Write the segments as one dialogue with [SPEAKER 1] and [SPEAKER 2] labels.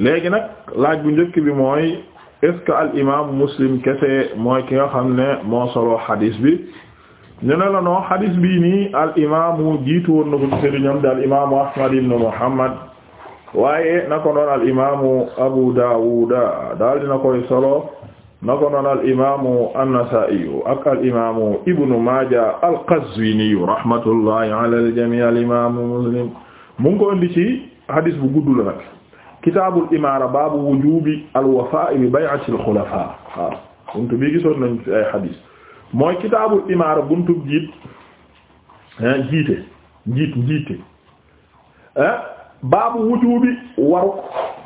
[SPEAKER 1] léegi nag laaj bu njëkk bi mooy est-ce que al imam muslim kese mooy ki nga xam ne moo solo xadis bi ñu ne la noo xadis bii nii al imamu jiitu woon na ko ci sëriñam di al ahmad ibn muhammad waaye na ko abu daawuda daal dina solo na ko noon ak al imamu maaja al rahmatullahi ala muslim mu ngi ci xadis bu gudd la nag kitaabul imaara baabu wujuubi alwafaa'i bi bay'ati alxulafaa waaw buntu bii gisoon nañ fi ay xadiis mooy kitaabul imaara buntu jiit jiite jiit jiite baabu wujuubi waruk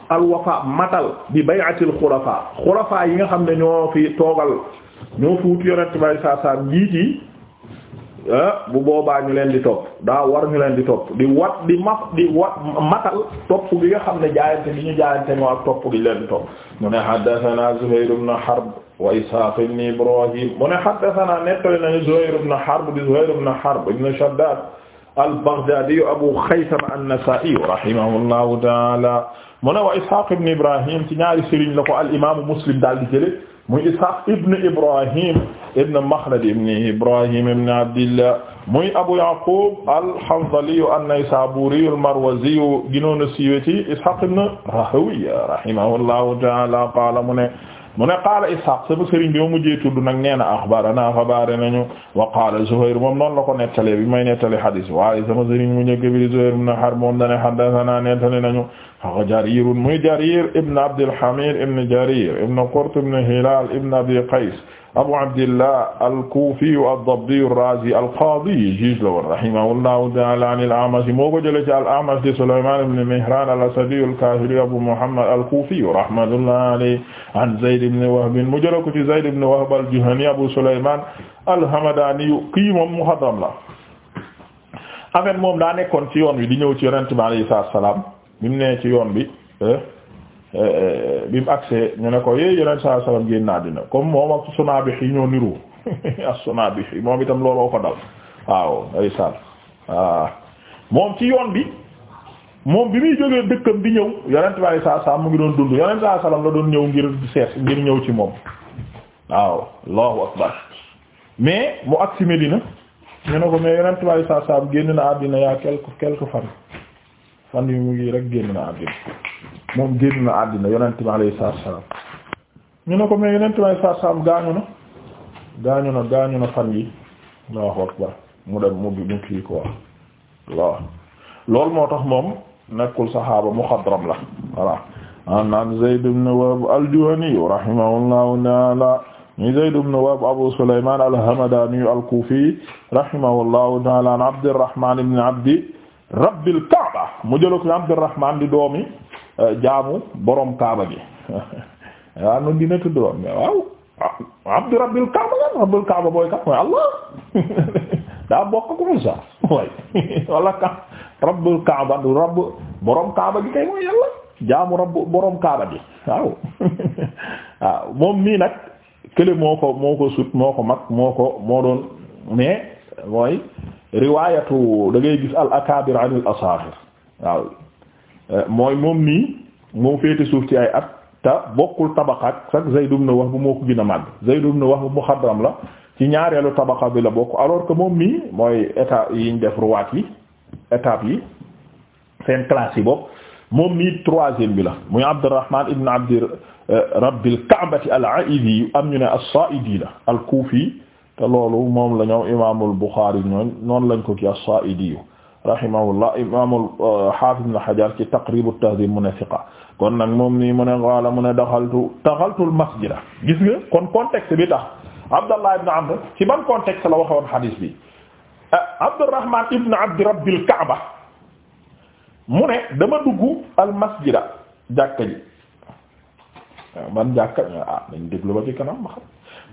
[SPEAKER 1] alwafaa matal bi bay'ati alxulafaa xulafaa yi nga xam ne ñoo fi toogal ñoo fi wut yonent bay saa saa jiit yi Ah, bu boobaa ñu leen di topp daa war ñu leen di topp di wat di maf di wat matal topp gi nga xam ne jaayante gi ñu jaayante moo ak topp gi leen di topp mu ne haddathana Zuhayr ibn Harb wa Ishaq ibn Ibrahim mu ne haddathana nettali nañu Zuhayr ibn Harb di Zuhayr ibn Harb ibn Shaddad al-Baghdadi Abu Khaythama an-Nasa'i rahimahullahu ta'ala mu ne wa Ishaq ibn Ibrahim ci ñaari sëriñ la ko al-imaamu Muslim daal di jële muy Ishaq ibn Ibrahim ibn Makhlad ibn Ibrahim ibn Abdillah muy Abu Yaqub al-Hanzali an-Naysaburi al-Marwazi gënoon a siiwe ci Ishaq ibn Rahawiya rahimahullahu ta'ala qaala mu ne mu ne qaala Ishaq sama sëriñ bi ma mujjee tudd nag nee na axbarana xabaare nañu wa qaala Zuhayr moom noonu la ko nettalee bi may nettalee hadiis waaye sama sëriñ mu njëkk bi Zuhayr ibn Harb moom dane haddathana nettali nañu wa Jarir muy Jarir ibn Abdil Hamid ibn Jarir ibn Qurt ibn Hilal ibn Abi Qays Abu Abdillah al-Kufi ad-Dabbi ar-Razi al-Qadi juge la woon rahimahullahu ta'ala an al-A'mash moo ko jëlee ci al-A'mash di Sulayman ibn Mihran al-Asadi al-Kahili Abu Muhammad al-Kufi rahmatullahi alayhi an Zayd ibn Wahb mu jëlee ko ci Zayd ibn Wahb al-Juhani Abu Sulayman al-Hamadani kii moom muhadram la moom daa nekkoon ci yoon wi di ñëw ci Yonent bi alayhi salaam bi mu nee ci yoon bi eh, eh, bi mu agsee ñu ne ko yéen yeneen saa salaam génn naa dina comme moom ak Sunaabih yi ñoo ak Sunaabih yi moom itam looloo ko dal waaw ay sàll ah. moom ci yoon bi moom bi muy jógee dëkkam di ñëw yonent bi saa saa mu ngi doon dund yonent saa salaam la doon ñëw ngir seet ngir ñëw ci moom waaw allahu akbar mais mu agsi Medina ñu ne ko mais yonent bi saa saa génn na àddina yaa quelque quelque fan. fan yu mu ngi rek génn na moom génn na àddina yonent bi alayhi salaatu salaam ñu ko mais yonent bi alayhi salaatu salaam gaañu na gaañu na gaañu na fan yi Allahu akbar mu dem mu mu kii quoi waaw loolu moo tax moom nekkul saxaaba muxadram la voilà an an Zayd ibn Wahb al-Juhani rahimahullahu ta'ala ni Zayd ibn an Abdurrahmaan ibn Abdi Rabbil Ka'b mu jëloon ci Abdurrahman di doomi euh, jaamu borom Kaaba gi waaw noonu dina tudd woon mais waaw ah, Abdu Rabbil Kaaba la Rabbil Kaaba booy kat mooy Allah daa bokk ko sa way wala mooy Yàlla jaamu Rabb borom Kaaba gi waaw waaw ah, moom mii nag kële moo ko moo ko sut moo ko mag moo ko moo doon mais mooy riwaayatu da gis al akabir anil asaaxir waaw euh, mooy moom nii moo féete suuf ci ay at te bokkul tabaqaak sax Zayd ibn Wahb moo ko gën a màgg Zayd ibn Wahb muxadram la ci ñaareelu tabaqa bi la bokk alors que moom nii mooy état yi ñu def ruwaat yi étape yi seen classe yi bopp moom nii troisième bi la muy Abdurrahman ibn Abdi euh, Rabbil Ka'bati al-A'idi yu am ñu ne as-Sa'idi la al-Kufi te loolu moom la ñoom Imaamul Bukhari ñooñ noon lañ ko kii as-Sa'idi yu rahimahullah imaamul euh, haafid ibn Hajar ci Taqrib at-Tahdhib mu ne siqa kon nag moom nii mu ne qaala mu ne daxaltu daxaltul masjida gis nga kon contexte bi tax Abdallah ibn Amr ci ban contexte la waxoon hadith bi euh, Abdurrahman ibn Abdi Rabbil Kaaba mu ne dama dugg al masjida jàkka ji euh, ban jàkka ah dañ déglu ba ci kanam ma xam.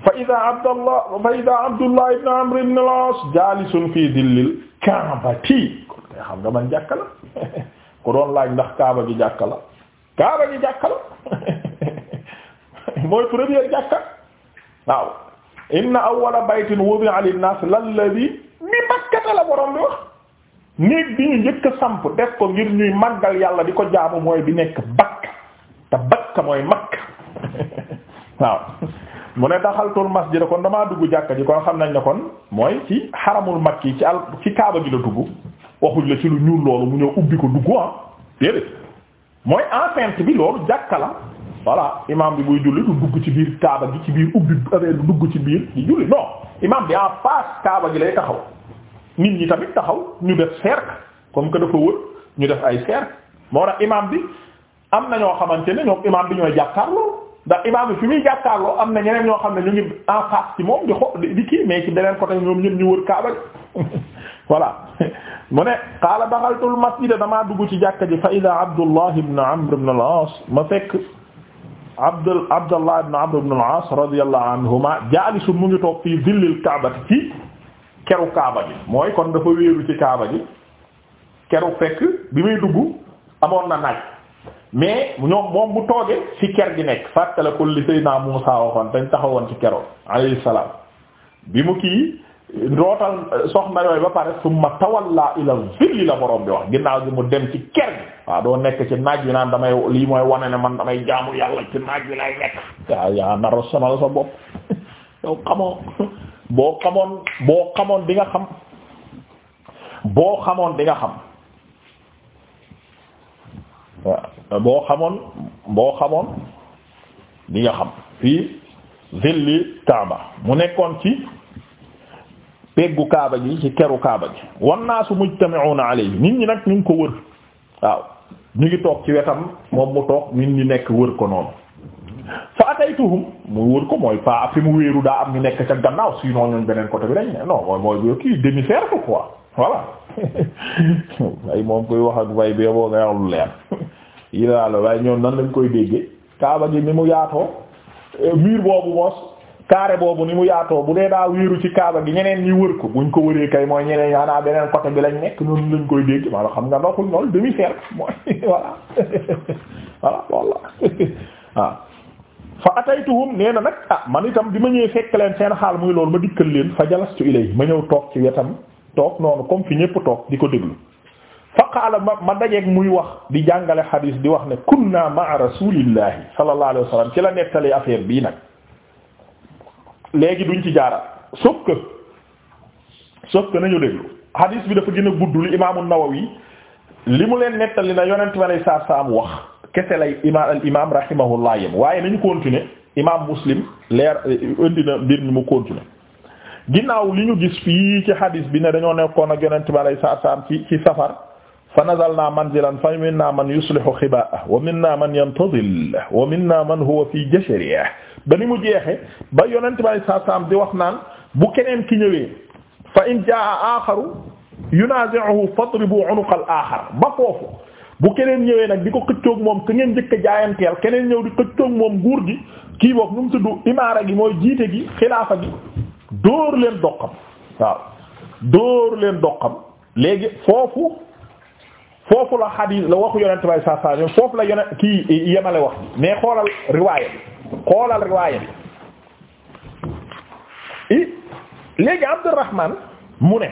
[SPEAKER 1] fa ida abdallah fa ida abdullah ibn amr ibn al-as jalisun fi dillil kaabati kon kay xam nga man jàkka la ku doon laaj ndax kaaba gi jàkka la kaaba gi jàkka mooy première jàkka waaw inna awwala baytin wudi'a lin-nas lalladhi bi makkata borom bi wax néeg bi ñu njëkk samp def ko ngir ñuy màggal yàlla di ko jaamu mooy bi nekk bakka te bakka mooy makka waaw mu ne daxaltul masjid kon damaa dugg jàkka ji kon xam nañ ne kon mooy ci xaramul makki ci al ci kaaba gi la dugg waxuñ la ci lu ñuul loolu mu ñëw ubbi ko dugg ah déedéet mooy enceinte bi loolu jàkka la voilà imam bi buy julli du dugg ci biir kaaba gi ci biir ubbi affaire euh, bi dugg ci biir di julli non imam bi en face kaaba gi lay taxaw nit ñi tamit taxaw ñu def cercle comme que dafa wër ñu def ay cercle moo tax imam bi am na ñoo xamante ne ñoom imam bi ñooy jàkkaarloo ndax imaam bi fi muy jàkkaarloo am na ñeneen ñoo xam ne ñu ngi en face ci moom di xo di kii mais ci beneen côté ñoom ñëpp ñu wër kaaba voilà mu ne qaala daxaltul masjida damaa dugg ci jàkka ji fa ida abdullah ibn amr ibn al-aas ma fekk abd abdullah ibn amr ibn al-aas anhuma jaalisu mu ngi toog fii zillil kaabati ci keru ji mooy kon dafa wéeru ci kaaba ji keru fekk bi muy dugg amoon na naaj mais ñoom moom mu toogee ci ker gi nekk fàttaliku li Seydina Muusaa waxoon dañ taxawoon ci keroog alayhi salaam bi mu kii ndootal soxna yooyu ba pare summa tawalla ila zilli la borom bi wax ginnaaw gi mu dem ci ker gi waaw doo nekk ci naaj wi naan damay lii mooy wane ne man damay jaamu yàlla ci naaj wi lay nekk yaa yaa nara sa bopp yow xamoo boo xamoon boo xamoon di nga xam boo xamoon dinga xam boo xamoon boo xamoon li nga xam fii zilli kaaba mu nekkoon ci peggu kaaba gi ci keru kaaba gi wan naasu mujtami'una alayhi nit ñi nag ñu ngi ko wër waaw ñu ngi toog ci wetam moom mu toog nit ñi nekk wër ko noonu fa ataytuhum mu wër ko mooy pa fi mu wéeru daa am ñu nekk ca gannaaw sinon ñooñ beneen côté bi dañ ne non mooy mooy bo kii demi-fer ko quoi voilà moom koy wax ak bay bee nga wax lu leer ila la waaye ñoom nan lañ koy déggee kaaba gi ni mu yaatoo mur boobu moos carré boobu ni mu yaatoo bu dee daa wéeru ci kaaba gi ñeneen ñi wër ko buñ ko wëree kay mooy ñeneen yaanaa beneen côté bi lañ nekk noonu lañ koy dégg maa xam nga ndoxul noonu demi-cercle mooy voilà voilà walla waaw fa ataytuhum nee na nag ah man itam bi ma ñëwee fekk leen seen xaal muy loolu ma dikkal leen fa jalastu ilay ma ñëw toog ci wetam toog noonu comme fi ñépp toog di ko déglu fa qaala ma ma dajeeg muy wax di jàngale xadiis di wax ne kunna ma'a rasulillahi sallallahu alayhi wa ci la nettali affaire bii nag léegi duñ ci jaara sauf que sauf que nañu déglu xadiis bi dafa gën a gudd li imaamu Nawawi li mu leen nettali na yonent bi alay saa saam wax kese lay imaam al imaam rahimahullah yem waaye nañu continuer imaam Muslim leer indi na mbir mi mu continuer ginnaaw li ñu gis fii ci xadiis bi ne dañoo nekkoon a yonent bi alay saa saam ci ci safar fa nazalnaa manzilan fa minnaa man yuslihu xibaa'ahu wa minnaa man yantazil wa minnaa man huwa fii jasarihi ba ni mu jeexee ba yonent bi saa saam di wax naan bu keneen ki ñëwee fa in jaa'a aaxaru yunaazi'uhu fadribuu unuqal aaxar ba foofu bu keneen ñëwee nag di ko xëccoog moom ka ngeen njëkk a jaayanteel keneen ñëw di xëccoog moom nguur gi kii boobu nu mu tudd imaara gi mooy jiite gi xilaafa gi dóor leen doqam waaw dóor leen doqam léegi foofu. foofu la xadiis la waxu yonent bay saa saa foofu la yonent kii yemale wax bi mais xoolal riwaaya bi xoolal riwaaya bi i léegi Abdurrahman mu ne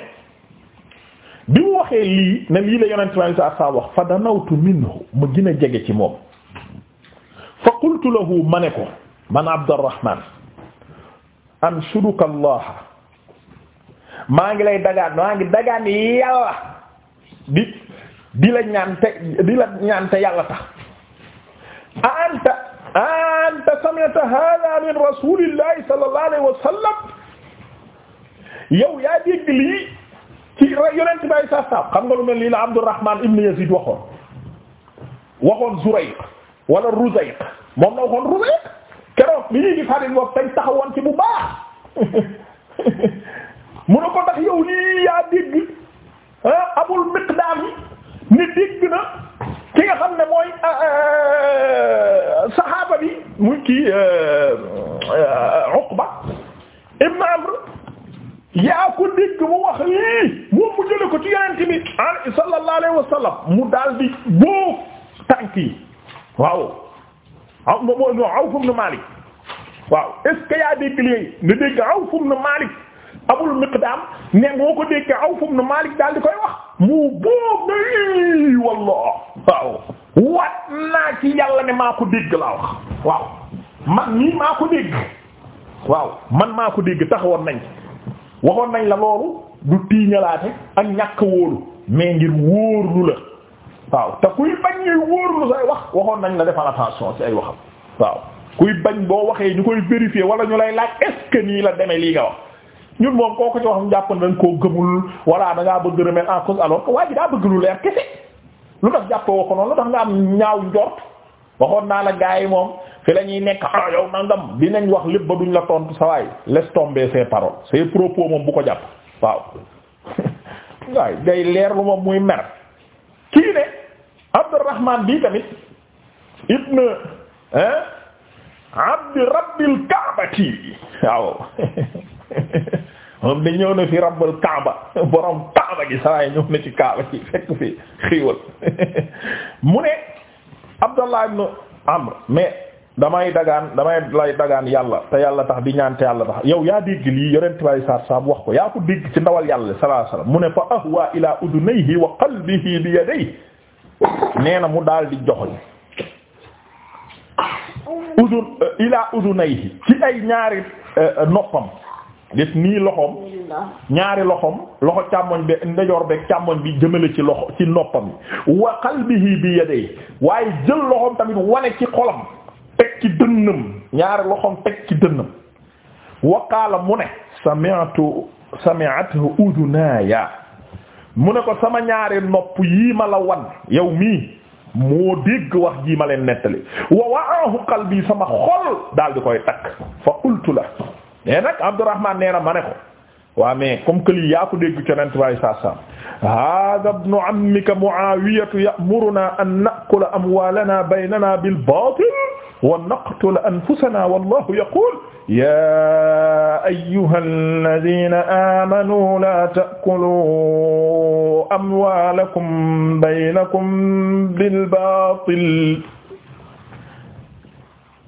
[SPEAKER 1] bi mu waxee lii ne lii la yonent bay saa saa wax fa danawtu minhu ma gën a jege ci moom fa qultu lahu ma ne ko man Abdurrahman anshuduka Allah maa ngi lay dagaan maa ngi dagaan yàlla bi di la ñaante di la ñaante yàlla tax a anta min rasulillahi sallallahu alayhi wa sallam yow yaa dégg lii ci yonent bay sa sab xam nga lu mel lii la Abdurrahman ibn Yazid waxoon waxoon Zurayq wala Ruzayq moom la waxoon Ruzayq keroog li ñuy gi farin woog tay mu ne ko ndax yow lii yaa dégg ah, Miqdam ni dégg na ki nga xam ne mooy euh, euh, saxaaba bi muy kii euh, Uqba ibn Amr yaa ko dégg mu wax lii moom mu jële ko ci yonent bi an sallallahu alayhi wa sallam mu daal di boo tànk yi waaw aw moo no Awf ibn Malik waaw est-ce que yaa dégg léegi nga dégg Awf ibn Malik Abul Miqdam ne ngoo ko dégg Awf ibn Malik daal di koy wax mu boob nay wallah waaw wat naa ci yàlla ne maa ko dégg laa wax waaw man nii maa ko dégg waaw man maa ko dégg taxawoon nañ waxoon nañ la loolu du tiiñalaate ak ñàkk wóolu mais ngir wóorlu la waaw te kuy bañ ñuy wóorlu say wax waxoon nañ la defal attention ci ay waxam waaw kuy bañ boo waxee ñu koy vérifier wala ñu lay laaj est la demee lii nga wax ñun moom koo ko ci wax jàpp nañ koo gëmul walla da ngaa bëgg remettre en cause alors que waa ji daa bëgg lu leer kese lu tax jàppoo ko noonu lu tax nga am ñaaw njort waxoon naa la gars moom fi la nekk ah yow nangam dinañ wax lépp ba duñ la tontu sa waay laisse tomber ses paroles ses propos moom bu ko jàpp waaw. waaye day leer lu moom muy mer kii ne Abdurrahman bii tamit ibn ah Abdi Rabbil Kaabati waaw. moom da ñëw na fi rabbal kaaba borom kaaba gi saa yi ñëw na ci kaaba gi fekk fi xiiwal mu ne Abdallah ibn Amr mais damay dagaan damay lay dagaan yàlla te yàlla tax di ñaan te yàlla tax yow yaa dégg lii yonent bay saar saab wax ko yaa ko dégg ci ndawal yàlla sallallahu alayhi mu ne fa ahwa ila udunayhi wa qalbihi bi yadayhi nee na mu daal di joxoñ udun ila udunayhi ci ay ñaari eh, noppam def nii loxoom ñaari loxoom loxo càmmoñ bi ndejoor beeg càmmoñ bi jëmale ci loxo ci noppam wa qalbihi bi yadayhi waaye jël loxoom tamit wane ci xolam teg ci dënnam ñaari loxoom teg ci dënnam wa qaala mu ne sami'tu sami'athu udunaya mu ne ko sama ñaari nopp yii ma la wan yow mii moo dégg wax jii ma leen nettali wa wa'ahu qalbi sama xol daal di koy takk fa qultu la mais nag Abdourahman nee na ma ne ko waa mais comme que lii yaa ko dégg conent waaye saa saam hada ibnu ammika Muawiyatu ya'muruna an na'kula amwalana baynana bil batil wa naqtula anfusana wallahu yaqul ya ayyuhal ladhina amanu la ta'kulu amwalakum baynakum bil batil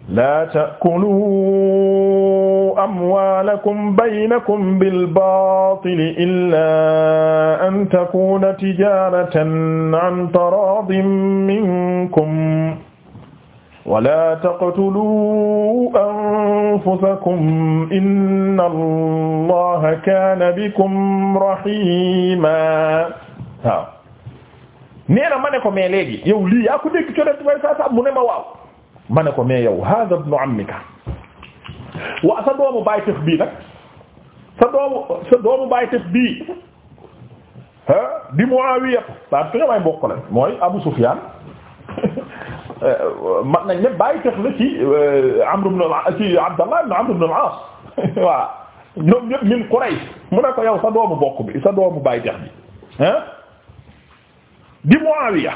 [SPEAKER 1] laa ta'kulu amwaalakum baynakum bil baatili illaa an takuuna tijaaratan an taraadin minkum wa laa taqtuluu anfusakum inna Allaha kaana bikum rahiimaa waaw nee na ma ne ko mais léegi yow lii yaa ko dégg coono tubaab saa saa mu ne ma waaw. ma ne ko mais yow hada ibnu ammika waa sa doomu baay tëf bii nag sa doomu sa doomu baay tëf bii di Muawiya parce que ñoomay mbokk lañ mooy Abu Sufyan man nañ ne baay tëf la ci euh, Amr ibn al ci Abdallah ibn Amr ibn al-As voilà ñoom ñëpp min Quraysh mu ne ko yow sa doomu bokk bi sa doomu baay bi ah di Muawiya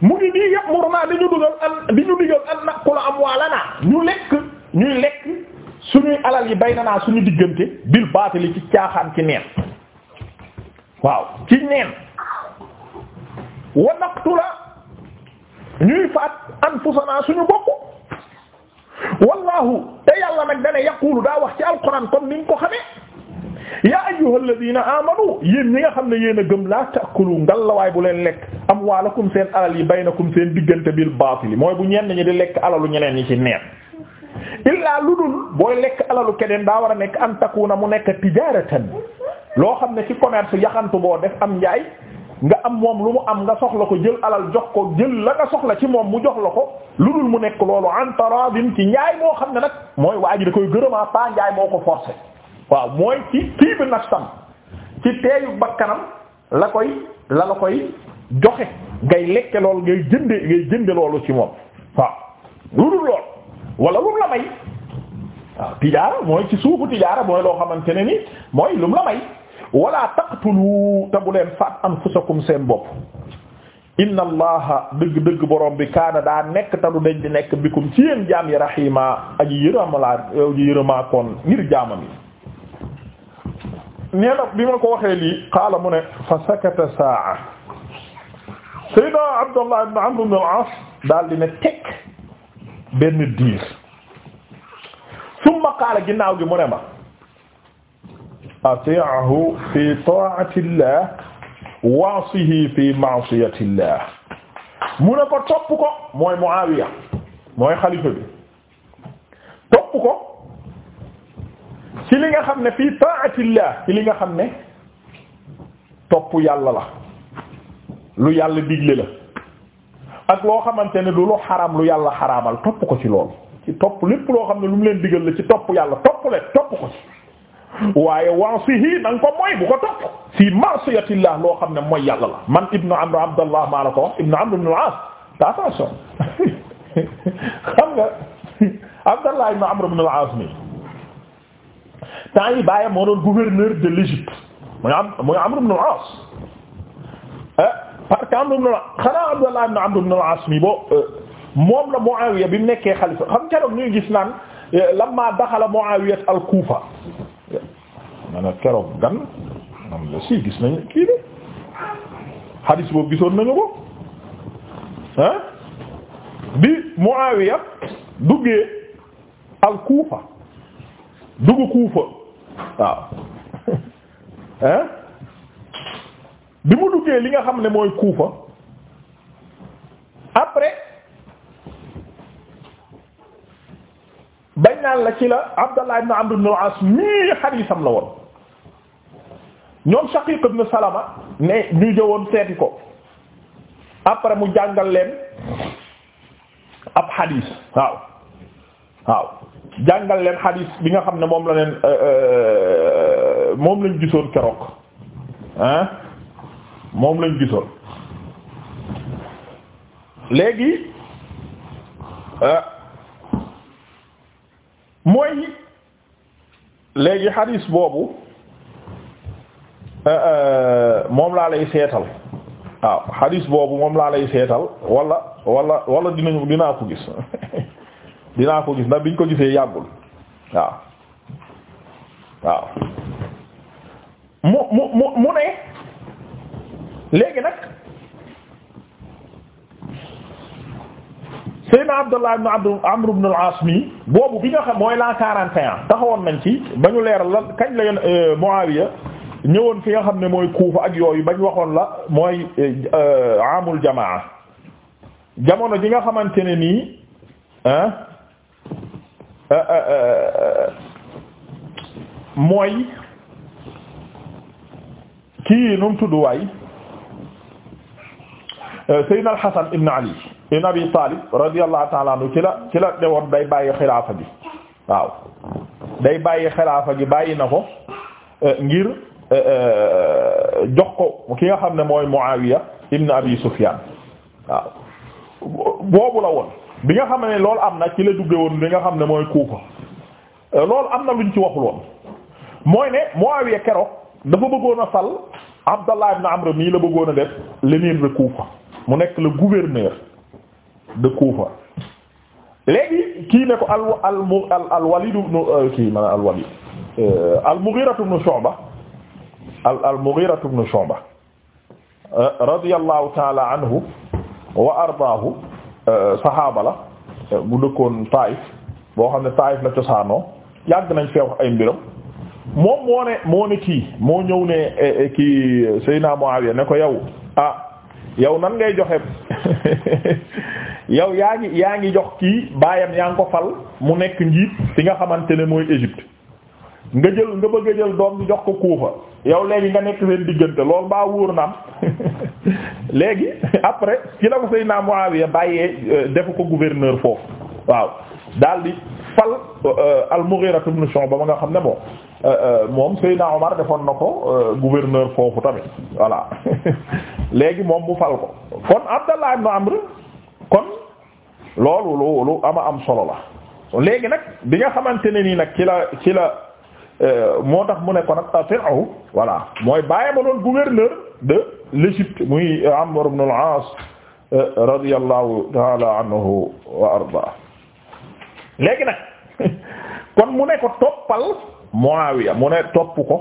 [SPEAKER 1] mu ngi nii yëpp murna di ñu dugal an di ñu digal an naqula amwaalana ñu lekk ñuy lekk suñuy alal yi baynanaa suñu diggante bil baatili ci caaxaan ci neen waaw ci neen wa naqtula ñuy faat anfusanaa suñu bopp wallahu te yàlla nag dana yaqulu daa wax ci alquran comme ni nga ko xamee yaa ayyuhalladhina amanu yéen ñi nga xam ne yéen a gëm laa taakulu ngallawaay bu leen lekk amwaalakum seen alal yi na baynakum seen diggante bi bil baatili mooy bu ñenn ñi di lekk alalu ñeneen ñi ci neen illaa lu dul booy lekk alalu keneen daa war a nekk an na mu nekk tijaaratan loo xam ne ci commerce yaxantu boo def am njaay nga am moom lu mu am nga soxla ko jël alal jox ko jël la nga soxla ci moom mu jox la ko lu dul mu nekk loolu an taradin ci njaay moo xam ne nag mooy waa ji da koy gërëmaa pas njaay moo ko forcé waaw mooy ci kii bi nag sam ci teeyu koy joxe ngay lekke lool ngay jënde ngay jënde loolu ci moom waaw lu dul lool wala lu la may tijaara mooy ci suufu tijaara mooy loo xamante ne ni mooy lu mu la may wala taqtulu te bu leen faat anfusakum seen bopp inna allaha dëgg dëgg borom bi kaana daa nekk te du deñ nekk bikum ci yéen jaam yi raxiima aji yërëmalaa ngir jaamam yi nee na bi ma ko waxee lii qaala ne fa sakata saa Sayyidina Abdullah ibn Amr ibn al-As daal di ne teg diir summa qaala ginnaaw gi mu ne ma ati'hu fi ta'ati llah wa'sihi fi ma'siyati llah mu ne ko topp ko mooy Muawiya mooy xalifa bi topp ko ci li xam ne fi ta'ati llah ci li nga xam ne topp yàlla la lu yàlla digle la ak loo xamante ne du lu xaram lu yàlla xaraamal topp ko ci loolu ci topp lépp loo xam ne lu mu leen digal la ci topp yàlla topp leen topp ko ci waaye wasihi na nga ko mooy bu ko topp fii ma'siyatillah loo xam ne mooy yàlla la man ibnu amr abdallah maa la ko wax ibnu amr ibn al-aas ta attention xam nga abdallah ibnu amr ibn al-aas mi temps yi bàyyam moo doon gouverneur de l'Égypte muy am muy amr ibn al-aas eh? parce que Amru ibn xanaa Abdullah ibn Amr ibn al-As mi bo euh, moom la Muawiya bi mu nekkee xalifa xam keroog ñuy gis naan euh, lamma daxala Muawiya al-Kufa ma ne keroog gan am la si gis nañu kii de xadis boobu gisoon nañu ko ah bi Muawiya duggee al-Kufa dugg Kufa waaw ah bi mu duggee li nga xam ne mooy Kuufa après bañ naan la ci la Abdallah ibn Amr ibn al-As la woon ñoom Shaqiq ibn Salama ne ñu jëwoon seeti ko après mu jàngal leen ab xadis waaw waaw jàngal leen xadis bi nga xam ne moom la leen euh, euh, moom lañ gisoon keroog moom lañ gisoon léegi euh, mooy léegi xadis boobu euh, euh, moom laa lay seetal waaw xadis boobu moom laa lay seetal wala wala wala dinañu dinaa ko gis dinaa ko gis ndax biñ ko gisee yàggul waaw waaw mu mu mu ne léegi nag Seydina Abdullah ibn Abd Amr ibn al mi boobu bi nga xam mooy l'an quarante et taxawoon nañ ci ba ñu leeral la kañ la yoon euh, Muawiya ñëwoon fi nga xam ne mooy Kuufa ak yooyu bañ waxoon la mooy euh, amul jamaa jamono ji nga xamante ne nii ah mooy kii nu tudd waay Euh, Seydina al-Hasan ibn Ali ibn Abi Talib radiyallahu ta'ala anhu ci la ci la dewoon day bàyyi xilaafa gi waaw day bàyyi xilaafa gi bàyyi na ko euh, ngir euh, jox ko ki nga xam ne mooy Muawiya ibn Abi Sufyan waaw boobu la woon bi nga xam ne loolu am na ci la dugge woon li nga xam ne mooy Kufa loolu am na luñ ci waxul woon mooy ne Muawiya keroog dafa bëggoon a fal Abdallah ibn Amr mii la bëggoon a def l'émir de Kufa mu nekk le gouverneur de Koufa léegi kii ne ko al al al al Walid ibn euh, kii ma al Walid euh, al Mughira ibn Shu'ba al al Mughira ibn Shu'ba euh, radiyallahu ta'ala anhu wa ardaahu saxaaba la bu dëkkoon Taïf boo xam ne Taïf la cosaanoo yàgg nañ fee ay mbiram moom moo ne moo ne kii moo ñëw ne eh, eh, kii Seydina Muawiya ne ko yow ah yow nan ngay joxe yow yaa ngi yaa ngi jox kii baayam yaa ngi ko fal mu nekk njiit fi nga xamante ne mooy Égypte nga jël nga bëgg a jël doom bi jox ko kuufa yow léegi nga nekk seen diggante loolu baa wóor naam léegi après ci la ko sëy naa mu Muawiya bàyyee euh, defu ko gouverneur foofu waaw daal di fal euh, al-Mughira ibn Shu'ba ba nga xam ne bon euh, moom Seydina Omar defoon na ko gouverneur foofu tamit voilà léegi moom mu fal ko kon Abdallah ibn Amr kon loolu lu lu ama am solo la léegi nag bi nga xamante ne nii nag ci la ci la euh, moo tax mu ne ko nag atiu voilà mooy bàyyi ma doon gouverneur de l'Égypte muy Amr ibn al-As euh, radiyallahu ta'ala anhu wa arda léegi nag kon mu ne ko toppal Muawiya mu ne topp ko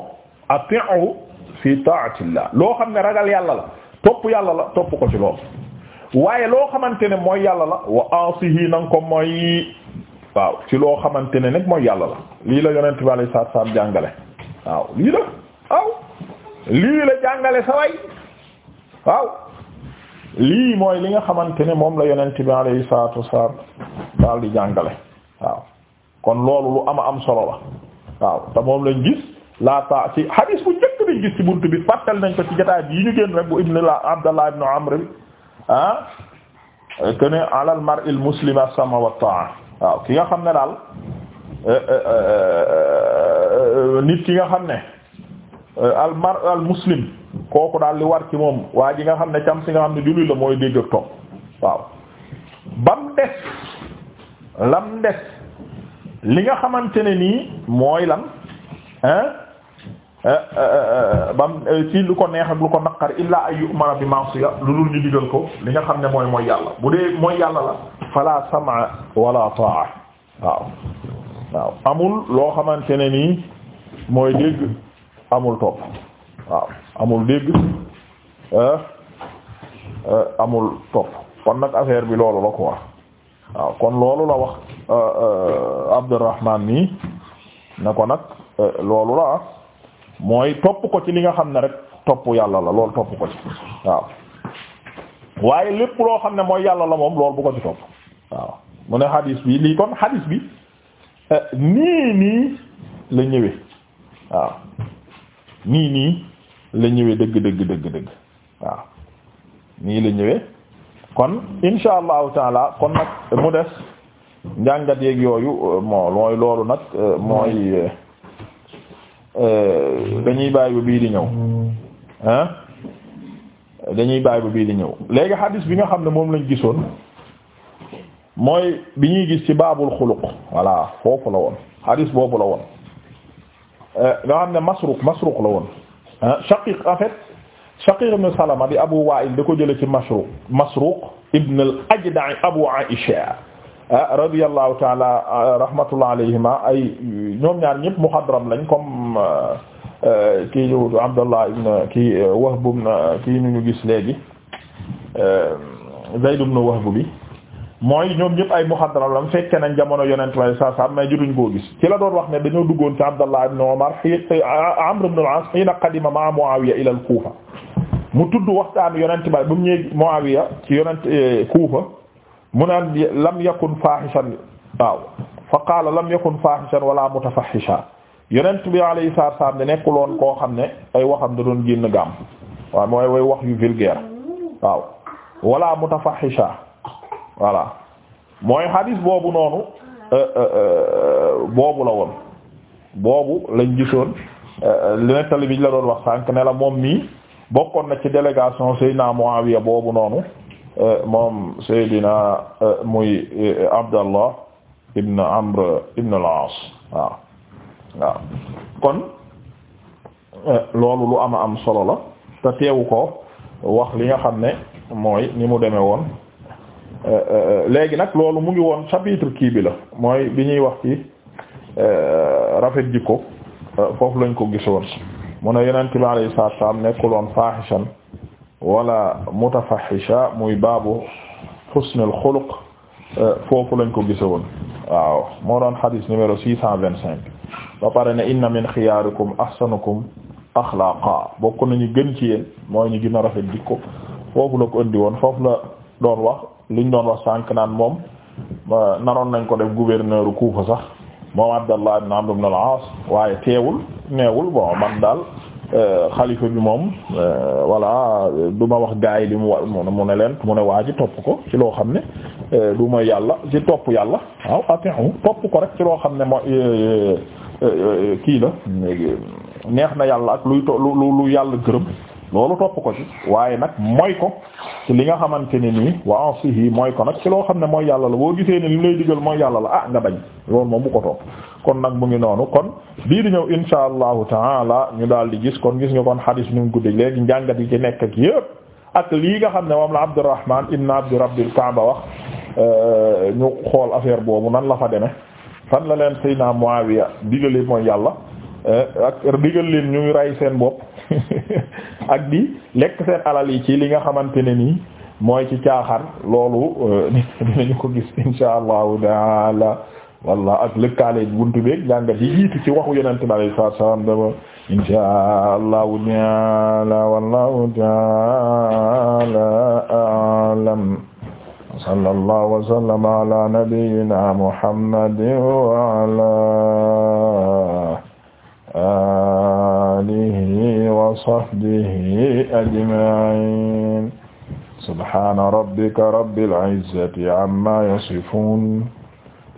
[SPEAKER 1] atiu fi ta'atillah loo xam ne ragal yàlla la topp yàlla la topp ko ci loolu waaye loo xamante ne mooy yàlla la wa ansihi na nga ko mooy waaw ci loo xamante ne nag mooy yàlla la lii la yonent bi alei saatu salaam jàngale waaw lii la waaw lii mooy li nga xamante ne moom la yonent bi alayhi salatu wasalam daal di jàngale waaw kon loolu lu ama am solo la waaw te moom lañ gis laa ta ci hadis bu njëkk biñ bi fàttali nañ ko ci jotaay bi yi ñu génn rek bu ibn Abdallah ibn Amr bi ah que alal mar'il muslimi as-sam'u wa at-ta'a waaw ki nga xam ne daal euh, euh, euh, nit ki nga xam ne al mar al muslim kooku daal li war ci moom waa ji nga xam ne cam si nga xam ne jullit la mooy dégg topp waaw bam des lam des li nga xamante ne nii mooy lan hein Eh, eh, eh, bam ci lu ko neex lu ko naqar illaa ay yu'mara bi ma'siya lu dul ñu digal ko li nga xam ne mooy mooy yàlla bu dee mooy yàlla la fala sam'a wala ta'a waaw waaw amul loo xamante ne nii mooy dégg amul topp waaw amul dégg amul topp kon nag affaire bi loolu la ko wax waaw kon loolu la wax Abdurrahman nii na ko nag loolu la ah. mooy topp ko ci li nga xam ne rek topp yàlla la loolu topp ko ci waaw waaye lépp loo xam ne mooy yàlla la moom loolu bu ko ci topp waaw mu ne xadiis bi lii kon xadiis bi eh, nii nii la ñëwee waaw nii nii la ñëwee dëgg dëgg dëgg dëgg waaw nii la ñëwee kon insha allahu taala kon nag mu des njàngat yooyu eh, moo mooy loolu nag eh, mooy Euh, dañuy bàyyi ba bii di ñëw ah dañuy ba bii di ñëw léegi hadis bi nga xam ne moom lañ gisoon mooy bi ñuy gis ci baabul xuluq voilà foofu lawoon woon boobu lawoon woon euh, xam ne masruq masruq la woon shaqiq en fait shaqiq ibn salama di abu wa'il da ko jële ci masruq masruq ibn al ajda' abu aisha Ah, radiyallahu taala ah, rahmatullah alayhima ay ñoom ñaar ñëpp muxadram lañ comme ah, kii ñu Abdullah ibn kii eh, Wahb ibn kii ñu ñu gis léegi eh, Zayd ibn Wahb bi mooy ñoom ñëpp ay muxadram lañ fekke nañ jamono yonent way sa sa mais jotuñ koo gis ci la doon wax ne dañoo duggoon ci Abdullah ibn Umar Amr ibn al mu tudd waxtaanu yonent bay bu mu ñëwee Muawiya ci yonent eh, Kufa mu naan lam yakun faahishan waaw fa qaala lam yakun faahishan wala mutafahisha yonent bi alayhi salaatu salaam ne nekkuloon koo xam ne ay waxam da doon génn gàmm waaw mooy wax yu vulgaire waaw wala mutafahisha voilà mooy hadis boobu noonu euh, euh, euh, boobu la woon boobu lañ gisoon nettali bi la doon wax sànq ne la moom mii bokkoon na ci délégation Seydina Muawiya boobu noonu Euh, moom Seydina euh, muy euh, Abdallah ibn Amr ibn al-As waaw waaw kon loolu lu ama am solo la te teewu ko wax li nga xam ne mooy ni mu demee woon léegi nag loolu mu ngi woon chapitre kii bi la mooy bi ñuy wax ci rafet jikko foofu lañ ko gisoon mu ne yonent bi alayhi salaatu wa salaam nekkuloon faahishan wala mutafahisha muy baabu husnul xuluq euh, foofu lañ ko gisoon waaw moo doon xadis numéro six cent vingt cinq ba pare ne inna min xiyaarikum ahsanukum axlaqa bokk nañu gën ci yéen mooy ñu gën a rafet jikko foofu la ko indi woon foofu la doon wax liñ doon wax sànq naan moom naroon nañ ko def gouverneur u Kuufa sax moom Abdallah ibn Amr ibn al waaye teewul neewul bon man daal Euh, xalifa bi moom euh, voilà du ma wax gaay li mu wa mu ne leen mu ne waa ji topp ko ci loo xam ne euh, du mooy yàlla ci topp yàlla waaw atiu topp ko rek ci loo xam ne mooy kii la neex na yàlla ak luy to lu lu yàlla gërëm loolu topp ko ci waaye nag mooy ko ci li nga xamante ne nii wa ansihi mooy ko nag ci loo xam ne mooy yàlla la boo gisee ne li lay digal mooy yàlla la ah nga bañ loolu moom bu ko topp kon nag mu ngi noonu kon bii di ñëw insha allahu taala ñu daal di gis kon gis nga kon xadis ñu ngi guddi léegi njàngat yi ci nekk ak yëpp ak lii nga xam ne moom la Abdurrahman ibn Abdi Rabbil Kaaba wax euh, ñu xool affaire boobu nan la fa demee fan la leen Seydina Muawiya digal leen mooy yàlla euh, ak digal leen ñuy rey seen bopp ak di lekk seen alal yi ci li nga xamante ne nii mooy ci caaxar loolu euh, dinañu ko gis insha allahu taala walla ak lëkkaale buntu beeg jàngat yi jiitu ci waxu yonente bi alayhi salaatu salaam dama inshaa allahu taala wallahu taala a'lam sallallahu wa sallama ala nabiyyina muhammadin wa ala alihi wa sahbihi ajma'in subhana rabbika rabbil izzati amma yasifun